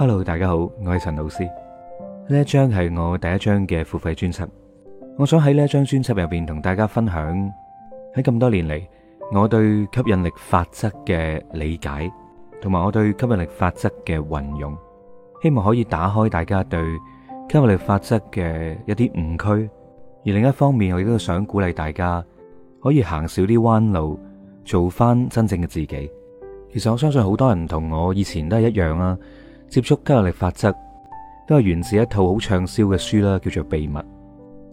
Hello，大家好，我係陳老師。呢一張係我第一張嘅付費專輯。我想喺呢一張專輯入邊同大家分享喺咁多年嚟，我對吸引力法則嘅理解，同埋我對吸引力法則嘅運用。希望可以打開大家對吸引力法則嘅一啲誤區。而另一方面，我亦都想鼓勵大家可以行少啲彎路，做翻真正嘅自己。其實我相信好多人同我以前都係一樣啦。接觸吸引力法則都係源自一套好暢銷嘅書啦，叫做《秘密》。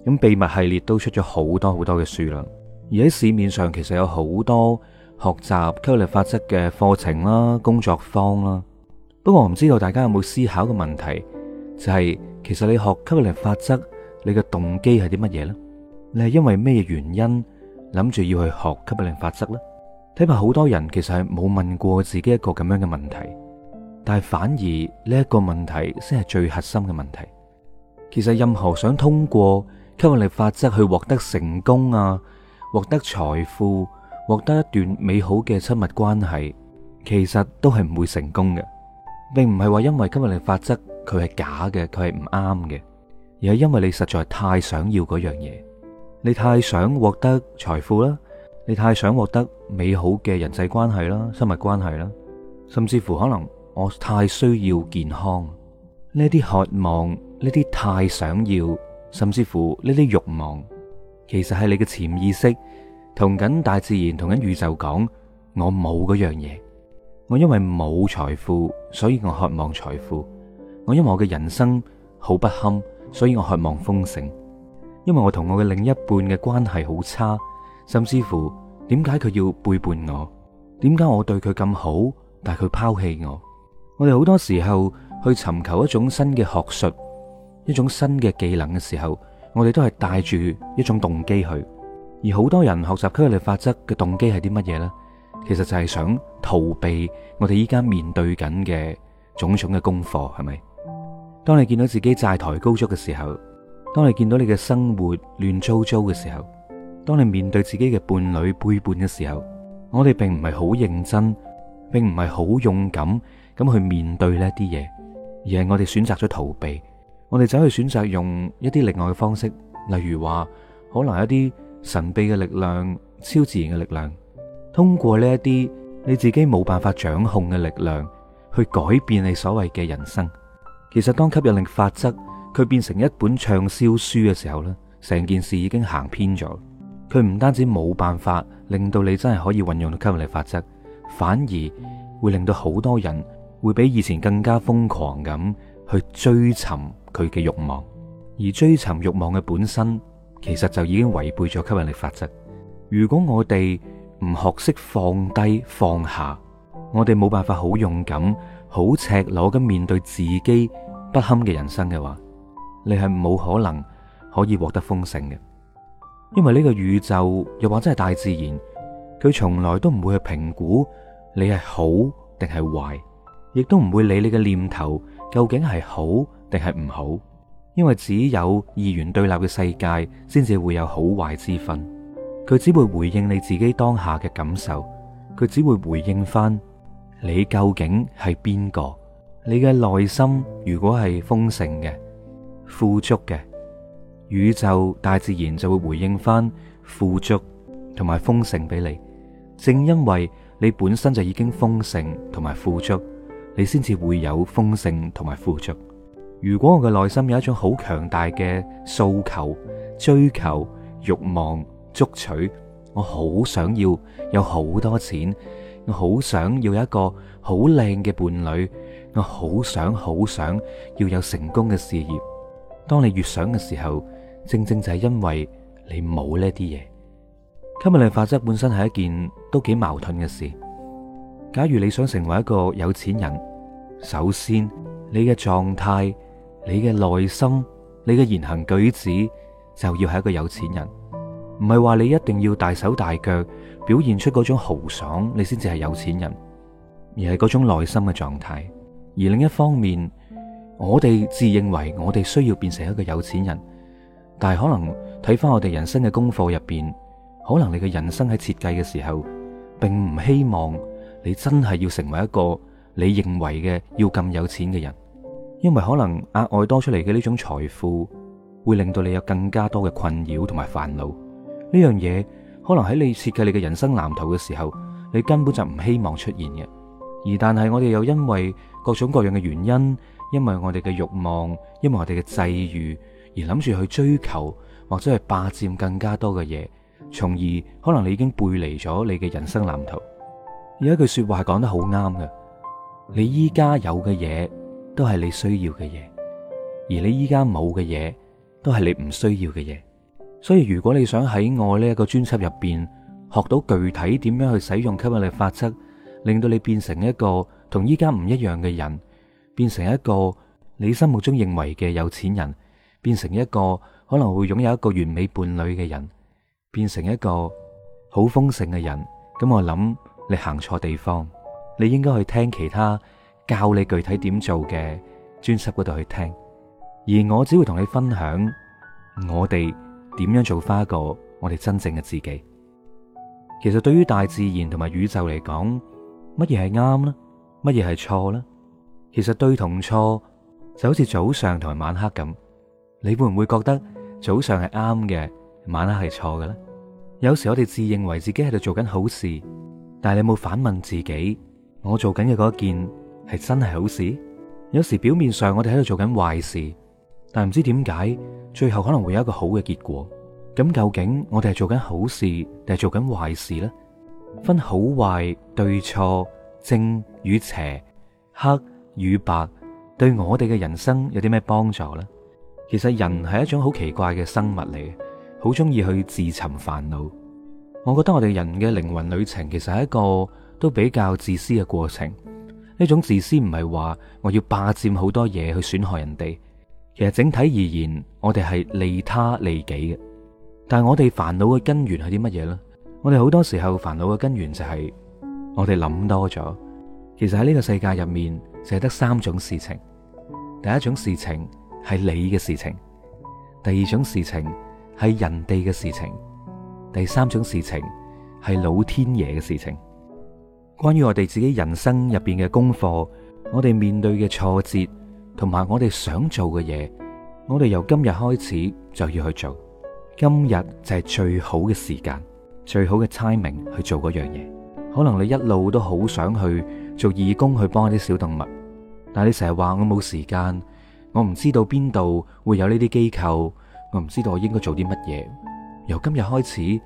咁《秘密》系列都出咗好多好多嘅書啦。而喺市面上，其實有好多學習吸引力法則嘅課程啦、工作坊啦。不過我唔知道大家有冇思考嘅問題，就係其實你學吸引力法則，你嘅動機係啲乜嘢呢？你係因為咩原因諗住要去學吸引力法則呢？睇埋好多人其實係冇問過自己一個咁樣嘅問題。但係反而呢一個問題先係最核心嘅問題。其實任何想通過吸引力法則去獲得成功啊，獲得財富，獲得一段美好嘅親密關係，其實都係唔會成功嘅，並唔係話因為吸引力法則佢係假嘅，佢係唔啱嘅，而係因為你實在太想要嗰樣嘢，你太想獲得財富啦，你太想獲得美好嘅人際關係啦、親密關係啦，甚至乎可能。我太需要健康，呢啲渴望，呢啲太想要，甚至乎呢啲欲望，其實係你嘅潛意識同緊大自然同緊宇宙講，我冇嗰樣嘢。我因為冇財富，所以我渴望財富；我因為我嘅人生好不堪，所以我渴望豐盛。因為我同我嘅另一半嘅關係好差，甚至乎點解佢要背叛我？點解我對佢咁好，但係佢拋棄我？我哋好多時候去尋求一種新嘅學術，一種新嘅技能嘅時候，我哋都係帶住一種動機去。而好多人學習吸引力法則嘅動機係啲乜嘢呢？其實就係想逃避我哋依家面對緊嘅種種嘅功課，係咪？當你見到自己債台高築嘅時候，當你見到你嘅生活亂糟糟嘅時候，當你面對自己嘅伴侶背叛嘅時候，我哋並唔係好認真，並唔係好勇敢。咁去面對呢啲嘢，而係我哋選擇咗逃避，我哋走去選擇用一啲另外嘅方式，例如話可能一啲神秘嘅力量、超自然嘅力量，通過呢一啲你自己冇辦法掌控嘅力量去改變你所謂嘅人生。其實當吸引力法則佢變成一本暢銷書嘅時候咧，成件事已經行偏咗，佢唔單止冇辦法令到你真係可以運用到吸引力法則，反而會令到好多人。會比以前更加瘋狂咁去追尋佢嘅欲望，而追尋欲望嘅本身，其實就已經違背咗吸引力法則。如果我哋唔學識放低、放下，我哋冇辦法好勇敢、好赤裸咁面對自己不堪嘅人生嘅話，你係冇可能可以獲得豐盛嘅，因為呢個宇宙又或者係大自然，佢從來都唔會去評估你係好定係壞。亦都唔會理會你嘅念頭究竟係好定係唔好，因為只有二元對立嘅世界先至會有好壞之分。佢只會回應你自己當下嘅感受，佢只會回應翻你究竟係邊個。你嘅內心如果係豐盛嘅、富足嘅，宇宙大自然就會回應翻富足同埋豐盛俾你。正因為你本身就已經豐盛同埋富足。你先至會有豐盛同埋富足。如果我嘅內心有一種好強大嘅訴求、追求、慾望、捉取，我好想要有好多錢，我好想要一個好靚嘅伴侶，我好想好想要有成功嘅事業。當你越想嘅時候，正正就係因為你冇呢啲嘢。吸引力法則本身係一件都幾矛盾嘅事。假如你想成為一個有錢人，首先你嘅狀態、你嘅內心、你嘅言行舉止就要係一個有錢人，唔係話你一定要大手大腳表現出嗰種豪爽，你先至係有錢人，而係嗰種內心嘅狀態。而另一方面，我哋自認為我哋需要變成一個有錢人，但係可能睇翻我哋人生嘅功課入邊，可能你嘅人生喺設計嘅時候，並唔希望。你真係要成為一個你認為嘅要咁有錢嘅人，因為可能額外多出嚟嘅呢種財富，會令到你有更加多嘅困擾同埋煩惱。呢樣嘢可能喺你設計你嘅人生藍圖嘅時候，你根本就唔希望出現嘅。而但係我哋又因為各種各樣嘅原因，因為我哋嘅慾望，因為我哋嘅際遇，而諗住去追求或者係霸佔更加多嘅嘢，從而可能你已經背離咗你嘅人生藍圖。有一句話說話講得好啱嘅，你依家有嘅嘢都係你需要嘅嘢，而你依家冇嘅嘢都係你唔需要嘅嘢。所以如果你想喺我呢一個專輯入邊學到具體點樣去使用吸引力法則，令到你變成一個同依家唔一樣嘅人，變成一個你心目中認為嘅有錢人，變成一個可能會擁有一個完美伴侶嘅人，變成一個好豐盛嘅人，咁我諗。你行錯地方，你應該去聽其他教你具體點做嘅專輯嗰度去聽。而我只會同你分享我哋點樣做返一個我哋真正嘅自己。其實對於大自然同埋宇宙嚟講，乜嘢係啱呢？乜嘢係錯呢？其實對同錯就好似早上同埋晚黑咁。你會唔會覺得早上係啱嘅，晚黑係錯嘅咧？有時我哋自認為自己喺度做緊好事。但係你冇反問自己，我做緊嘅嗰件係真係好事？有時表面上我哋喺度做緊壞事，但唔知點解，最後可能會有一個好嘅結果。咁究竟我哋係做緊好事定係做緊壞事呢？分好壞、對錯、正與邪、黑與白，對我哋嘅人生有啲咩幫助呢？其實人係一種好奇怪嘅生物嚟，好中意去自尋煩惱。我覺得我哋人嘅靈魂旅程其實係一個都比較自私嘅過程。呢種自私唔係話我要霸佔好多嘢，去損害人哋，其實整體而言我哋係利他利己嘅。但係我哋煩惱嘅根源係啲乜嘢呢？我哋好多時候煩惱嘅根源就係、是、我哋諗多咗。其實喺呢個世界入面，就係得三種事情。第一種事情係你嘅事情，第二種事情係人哋嘅事情。第三種事情係老天爺嘅事情。關於我哋自己人生入邊嘅功課，我哋面對嘅挫折，同埋我哋想做嘅嘢，我哋由今日開始就要去做。今日就係最好嘅時間，最好嘅 timing 去做嗰樣嘢。可能你一路都好想去做義工去幫一啲小動物，但係你成日話我冇時間，我唔知道邊度會有呢啲機構，我唔知道我應該做啲乜嘢。由今日開始，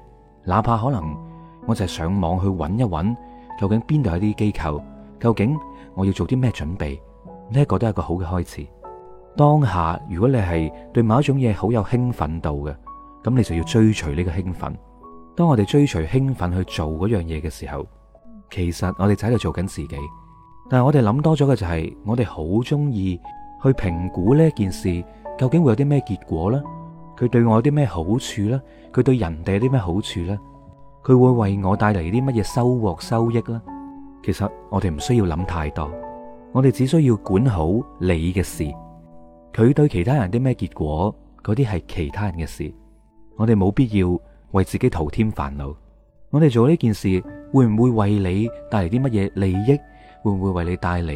哪怕可能我就係上網去揾一揾，究竟邊度有啲機構，究竟我要做啲咩準備？呢、這、一個都係一個好嘅開始。當下如果你係對某一種嘢好有興奮度嘅，咁你就要追隨呢個興奮。當我哋追隨興奮去做嗰樣嘢嘅時候，其實我哋就喺度做緊自己。但係我哋諗多咗嘅就係、是，我哋好中意去評估呢一件事究竟會有啲咩結果啦。佢對我有啲咩好處咧？佢對人哋有啲咩好處咧？佢會為我帶嚟啲乜嘢收穫收益咧？其實我哋唔需要諗太多，我哋只需要管好你嘅事。佢對其他人啲咩結果，嗰啲係其他人嘅事，我哋冇必要為自己徒添煩惱。我哋做呢件事會唔會為你帶嚟啲乜嘢利益？會唔會為你帶嚟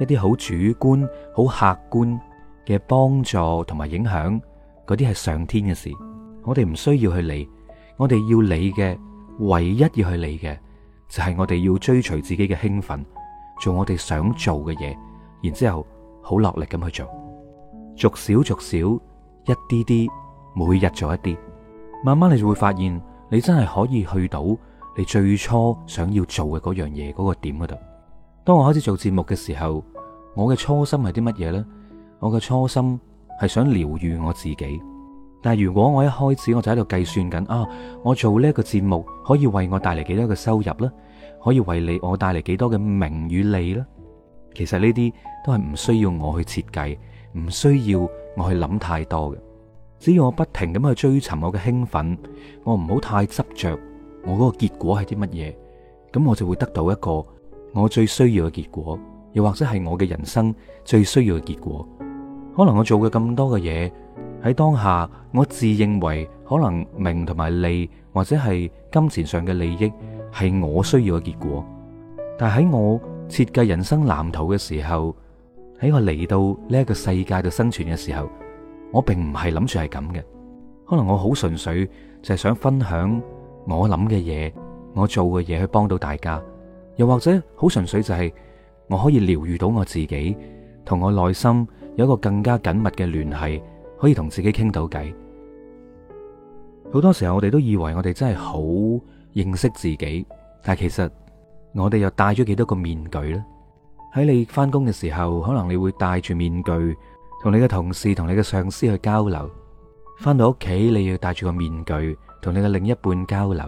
一啲好主觀、好客觀嘅幫助同埋影響？嗰啲係上天嘅事，我哋唔需要去理，我哋要理嘅唯一要去理嘅，就係我哋要追隨自己嘅興奮，做我哋想做嘅嘢，然之後好落力咁去做，逐少逐少一啲啲，每日做一啲，慢慢你就會發現，你真係可以去到你最初想要做嘅嗰樣嘢嗰個點嗰度。當我開始做節目嘅時候，我嘅初心係啲乜嘢呢？我嘅初心。係想療癒我自己，但如果我一開始我就喺度計算緊啊，我做呢個節目可以為我帶嚟幾多嘅收入呢？可以為你我帶嚟幾多嘅名與利呢？其實呢啲都係唔需要我去設計，唔需要我去諗太多嘅。只要我不停咁去追尋我嘅興奮，我唔好太執着我嗰個結果係啲乜嘢，咁我就會得到一個我最需要嘅結果，又或者係我嘅人生最需要嘅結果。可能我做嘅咁多嘅嘢喺當下，我自認為可能名同埋利或者係金錢上嘅利益係我需要嘅結果。但係喺我設計人生藍圖嘅時候，喺我嚟到呢一個世界度生存嘅時候，我並唔係諗住係咁嘅。可能我好純粹就係想分享我諗嘅嘢，我做嘅嘢去幫到大家，又或者好純粹就係我可以療愈到我自己同我內心，有一個更加緊密嘅聯繫，可以同自己傾到偈。好多時候我哋都以為我哋真係好認識自己，但其實我哋又戴咗幾多個面具呢？喺你翻工嘅時候，可能你會戴住面具同你嘅同事、同你嘅上司去交流；翻到屋企，你要戴住個面具同你嘅另一半交流。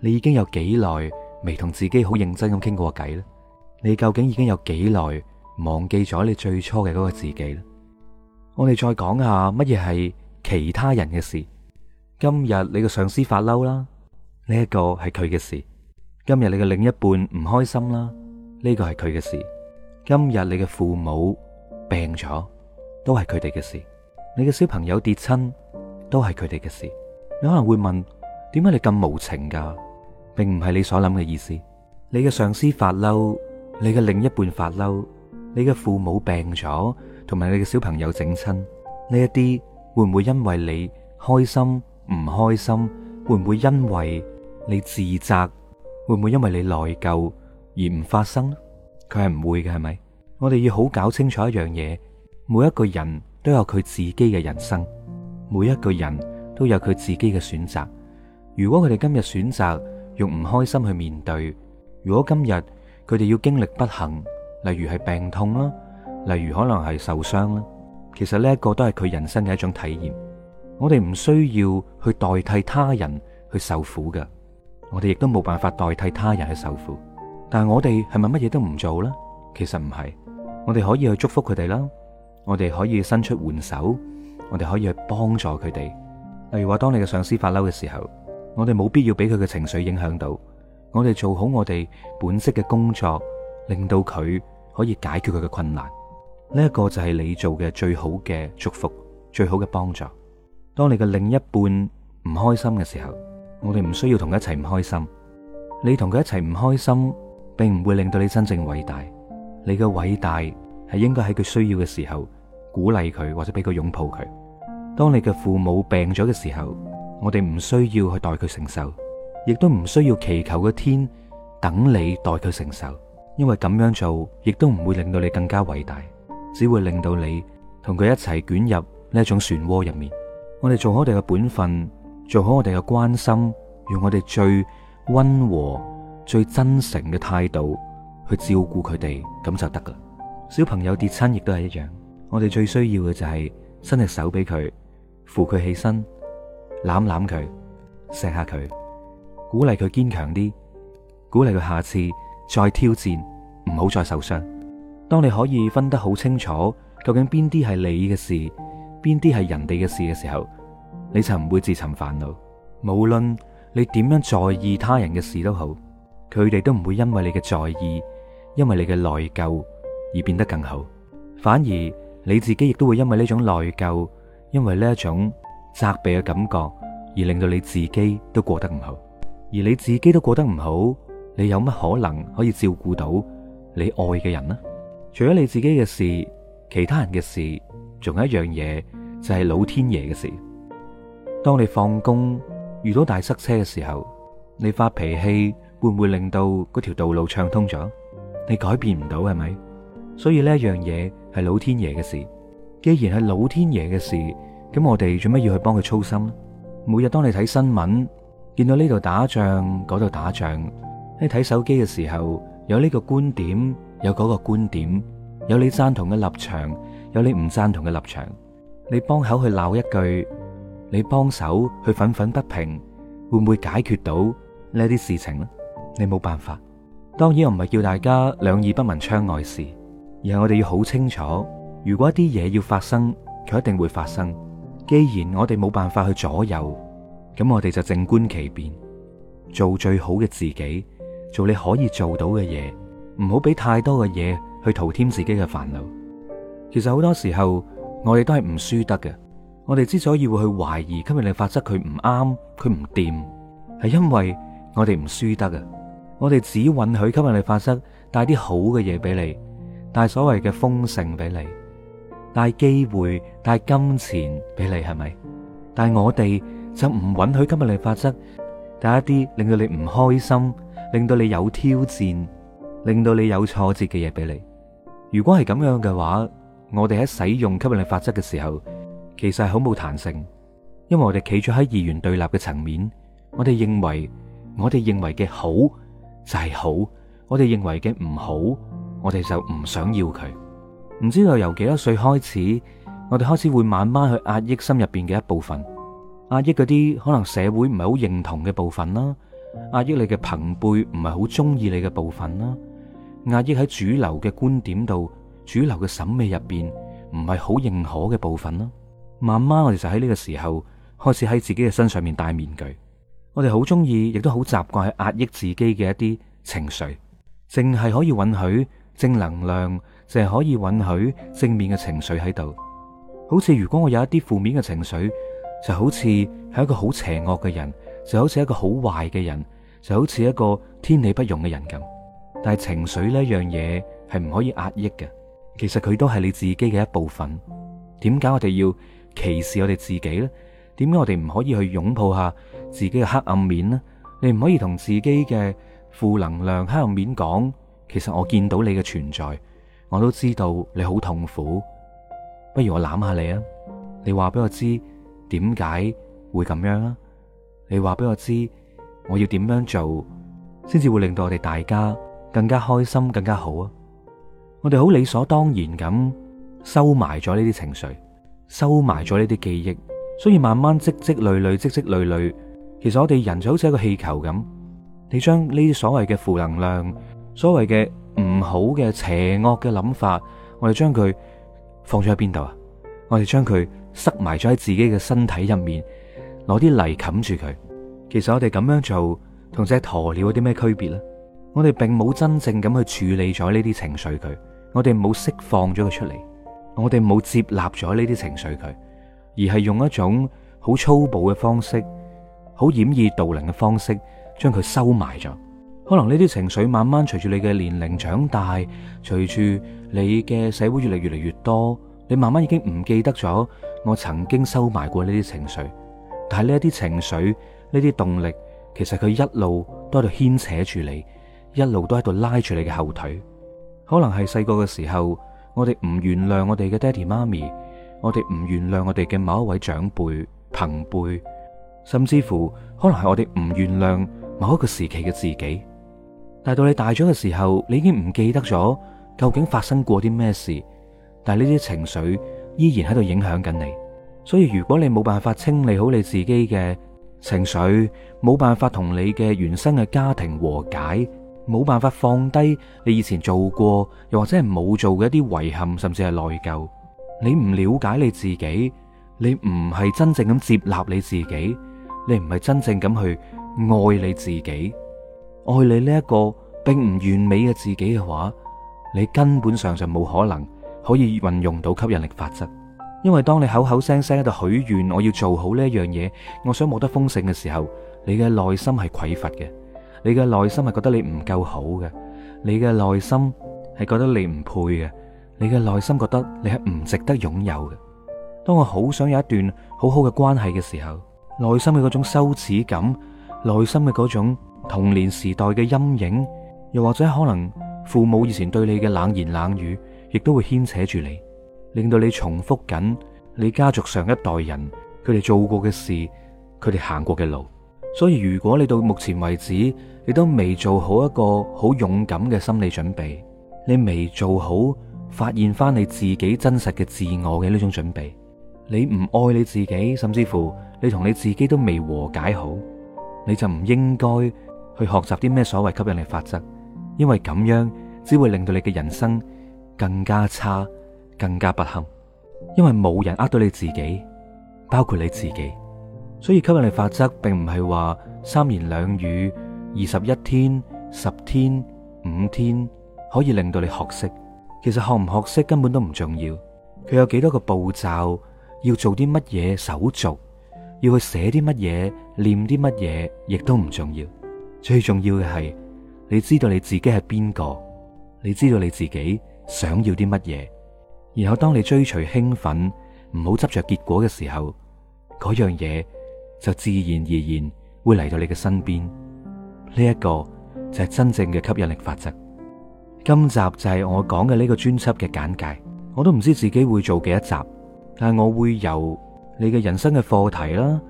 你已經有幾耐未同自己好認真咁傾過偈咧？你究竟已經有幾耐？忘記咗你最初嘅嗰個自己啦。我哋再講下乜嘢係其他人嘅事。今日你嘅上司發嬲啦，呢一個係佢嘅事。今日你嘅另一半唔開心啦，呢個係佢嘅事。今日你嘅父母病咗，都係佢哋嘅事。你嘅小朋友跌親，都係佢哋嘅事。你可能會問，點解你咁無情噶？並唔係你所諗嘅意思。你嘅上司發嬲，你嘅另一半發嬲。你嘅父母病咗，同埋你嘅小朋友整親，呢一啲會唔會因為你開心唔開心？會唔會因為你自責？會唔會因為你內疚而唔發生？佢係唔會嘅，係咪？我哋要好搞清楚一樣嘢，每一個人都有佢自己嘅人生，每一個人都有佢自己嘅選擇。如果佢哋今日選擇用唔開心去面對，如果今日佢哋要經歷不幸。例如係病痛啦，例如可能係受傷啦，其實呢一個都係佢人生嘅一種體驗。我哋唔需要去代替他人去受苦嘅，我哋亦都冇辦法代替他人去受苦。但係我哋係咪乜嘢都唔做咧？其實唔係，我哋可以去祝福佢哋啦，我哋可以伸出援手，我哋可以去幫助佢哋。例如話，當你嘅上司發嬲嘅時候，我哋冇必要俾佢嘅情緒影響到，我哋做好我哋本職嘅工作，令到佢可以解決佢嘅困難，呢一個就係你做嘅最好嘅祝福，最好嘅幫助。當你嘅另一半唔開心嘅時候，我哋唔需要同佢一齊唔開心。你同佢一齊唔開心，並唔會令到你真正偉大。你嘅偉大係應該喺佢需要嘅時候鼓勵佢，或者俾佢擁抱佢。當你嘅父母病咗嘅時候，我哋唔需要去代佢承受，亦都唔需要祈求個天等你代佢承受。因為咁樣做，亦都唔會令到你更加偉大，只會令到你同佢一齊捲入呢一種漩渦入面。我哋做好我哋嘅本分，做好我哋嘅關心，用我哋最温和、最真誠嘅態度去照顧佢哋，咁就得啦。小朋友跌親亦都係一樣，我哋最需要嘅就係伸隻手俾佢，扶佢起身，攬攬佢，錫下佢，鼓勵佢堅強啲，鼓勵佢下次。再挑戰，唔好再受傷。當你可以分得好清楚，究竟邊啲係你嘅事，邊啲係人哋嘅事嘅時候，你就唔會自尋煩惱。無論你點樣在意他人嘅事都好，佢哋都唔會因為你嘅在意，因為你嘅內疚而變得更好。反而你自己亦都會因為呢種內疚，因為呢一種責備嘅感覺，而令到你自己都過得唔好。而你自己都過得唔好。你有乜可能可以照顧到你愛嘅人呢？除咗你自己嘅事，其他人嘅事，仲有一樣嘢，就係老天爺嘅事。當你放工遇到大塞車嘅時候，你發脾氣會唔會令到嗰條道路暢通咗？你改變唔到係咪？所以呢一樣嘢係老天爺嘅事。既然係老天爺嘅事，咁我哋做乜要去幫佢操心呢？每日當你睇新聞，見到呢度打仗，嗰度打仗。你睇手機嘅時候，有呢個觀點，有嗰個觀點，有你贊同嘅立場，有你唔贊同嘅立場，你幫口去鬧一句，你幫手去憤憤不平，會唔會解決到呢啲事情咧？你冇辦法。當然我唔係叫大家兩耳不聞窗外事，而係我哋要好清楚，如果一啲嘢要發生，佢一定會發生。既然我哋冇辦法去左右，咁我哋就靜觀其變，做最好嘅自己。做你可以做到嘅嘢，唔好俾太多嘅嘢去徒添自己嘅煩惱。其實好多時候我哋都係唔輸得嘅。我哋之所以會去懷疑吸引力法則，佢唔啱，佢唔掂，係因為我哋唔輸得啊。我哋只允許吸引力法則帶啲好嘅嘢俾你，帶所謂嘅豐盛俾你，帶機會、帶金錢俾你，係咪？但係我哋就唔允許吸引力法則帶一啲令到你唔開心。令到你有挑戰，令到你有挫折嘅嘢俾你。如果係咁樣嘅話，我哋喺使用吸引力法則嘅時候，其實係好冇彈性，因為我哋企咗喺二元對立嘅層面。我哋認為，我哋認為嘅好就係好，我哋認為嘅唔好，我哋就唔想要佢。唔知道由幾多歲開始，我哋開始會慢慢去壓抑心入邊嘅一部分，壓抑嗰啲可能社會唔係好認同嘅部分啦。壓抑你嘅朋輩唔係好中意你嘅部分啦，壓抑喺主流嘅觀點度、主流嘅審美入邊唔係好認可嘅部分啦。慢慢我哋就喺呢個時候開始喺自己嘅身上面戴面具，我哋好中意，亦都好習慣去壓抑自己嘅一啲情緒，淨係可以允許正能量，淨係可以允許正面嘅情緒喺度。好似如果我有一啲負面嘅情緒，就好似係一個好邪惡嘅人。就好似一個好壞嘅人，就好似一個天理不容嘅人咁。但係情緒呢樣嘢係唔可以壓抑嘅，其實佢都係你自己嘅一部分。點解我哋要歧視我哋自己呢？點解我哋唔可以去擁抱下自己嘅黑暗面呢？你唔可以同自己嘅負能量黑暗面講，其實我見到你嘅存在，我都知道你好痛苦。不如我攬下你啊！你話俾我知點解會咁樣啊？你話俾我知，我要點樣做先至會令到我哋大家更加開心、更加好啊？我哋好理所當然咁收埋咗呢啲情緒，收埋咗呢啲記憶，所以慢慢積積累累、積積累累。其實我哋人就好似一個氣球咁，你將呢啲所謂嘅負能量、所謂嘅唔好嘅邪惡嘅諗法，我哋將佢放咗喺邊度啊？我哋將佢塞埋咗喺自己嘅身體入面。攞啲泥冚住佢，其實我哋咁樣做同隻鴕鳥有啲咩區別咧？我哋並冇真正咁去處理咗呢啲情緒，佢我哋冇釋放咗佢出嚟，我哋冇接納咗呢啲情緒佢，而係用一種好粗暴嘅方式，好掩耳盜鈴嘅方式將佢收埋咗。可能呢啲情緒慢慢隨住你嘅年齡長大，隨住你嘅社會越嚟越嚟越多，你慢慢已經唔記得咗我曾經收埋過呢啲情緒。但係呢一啲情緒，呢啲動力，其實佢一路都喺度牽扯住你，一路都喺度拉住你嘅後腿。可能係細個嘅時候，我哋唔原諒我哋嘅爹哋媽咪，我哋唔原諒我哋嘅某一位長輩、朋輩，甚至乎可能係我哋唔原諒某一個時期嘅自己。但係到你大咗嘅時候，你已經唔記得咗究竟發生過啲咩事，但係呢啲情緒依然喺度影響緊你。所以，如果你冇辦法清理好你自己嘅情緒，冇辦法同你嘅原生嘅家庭和解，冇辦法放低你以前做過又或者係冇做嘅一啲遺憾，甚至係內疚，你唔了解你自己，你唔係真正咁接納你自己，你唔係真正咁去愛你自己，愛你呢一個並唔完美嘅自己嘅話，你根本上就冇可能可以運用到吸引力法則。因為當你口口聲聲喺度許願，我要做好呢一樣嘢，我想獲得豐盛嘅時候，你嘅內心係匱乏嘅，你嘅內心係覺得你唔夠好嘅，你嘅內心係覺得你唔配嘅，你嘅內心覺得你係唔值得擁有嘅。當我好想有一段好好嘅關係嘅時候，內心嘅嗰種羞恥感，內心嘅嗰種童年時代嘅陰影，又或者可能父母以前對你嘅冷言冷語，亦都會牽扯住你。令到你重複緊你家族上一代人佢哋做過嘅事，佢哋行過嘅路。所以如果你到目前為止你都未做好一個好勇敢嘅心理準備，你未做好發現翻你自己真實嘅自我嘅呢種準備，你唔愛你自己，甚至乎你同你自己都未和解好，你就唔應該去學習啲咩所謂吸引力法則，因為咁樣只會令到你嘅人生更加差。更加不堪，因為冇人呃到你自己，包括你自己。所以吸引力法則並唔係話三言兩語、二十一天、十天、五天可以令到你學識。其實學唔學識根本都唔重要。佢有幾多個步驟，要做啲乜嘢手續？要去寫啲乜嘢？念啲乜嘢？亦都唔重要。最重要嘅係你知道你自己係邊個，你知道你自己想要啲乜嘢。然後當你追隨興奮，唔好執着結果嘅時候，嗰樣嘢就自然而然會嚟到你嘅身邊。呢一個就係真正嘅吸引力法則。今集就係我講嘅呢個專輯嘅簡介。我都唔知自己會做幾多集，但係我會由你嘅人生嘅課題啦，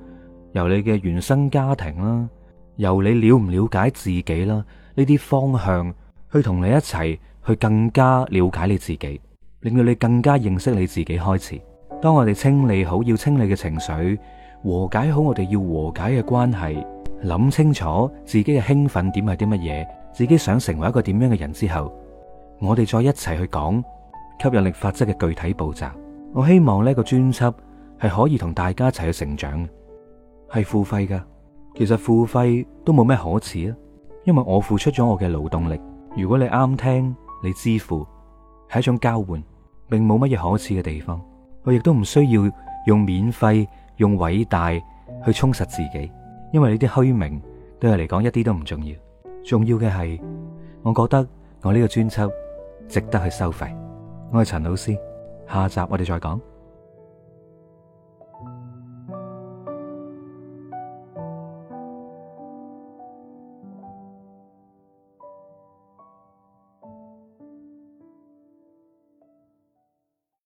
由你嘅原生家庭啦，由你了唔了解自己啦呢啲方向去同你一齊去更加了解你自己。令到你更加認識你自己開始，當我哋清理好要清理嘅情緒，和解好我哋要和解嘅關係，諗清楚自己嘅興奮點係啲乜嘢，自己想成為一個點樣嘅人之後，我哋再一齊去講吸引力法則嘅具體步驟。我希望呢個專輯係可以同大家一齊去成長，係付費㗎。其實付費都冇咩可恥啊，因為我付出咗我嘅勞動力。如果你啱聽，你支付。係一種交換，並冇乜嘢可恥嘅地方。我亦都唔需要用免費、用偉大去充實自己，因為呢啲虛名對我嚟講一啲都唔重要。重要嘅係，我覺得我呢個專輯值得去收費。我係陳老師，下集我哋再講。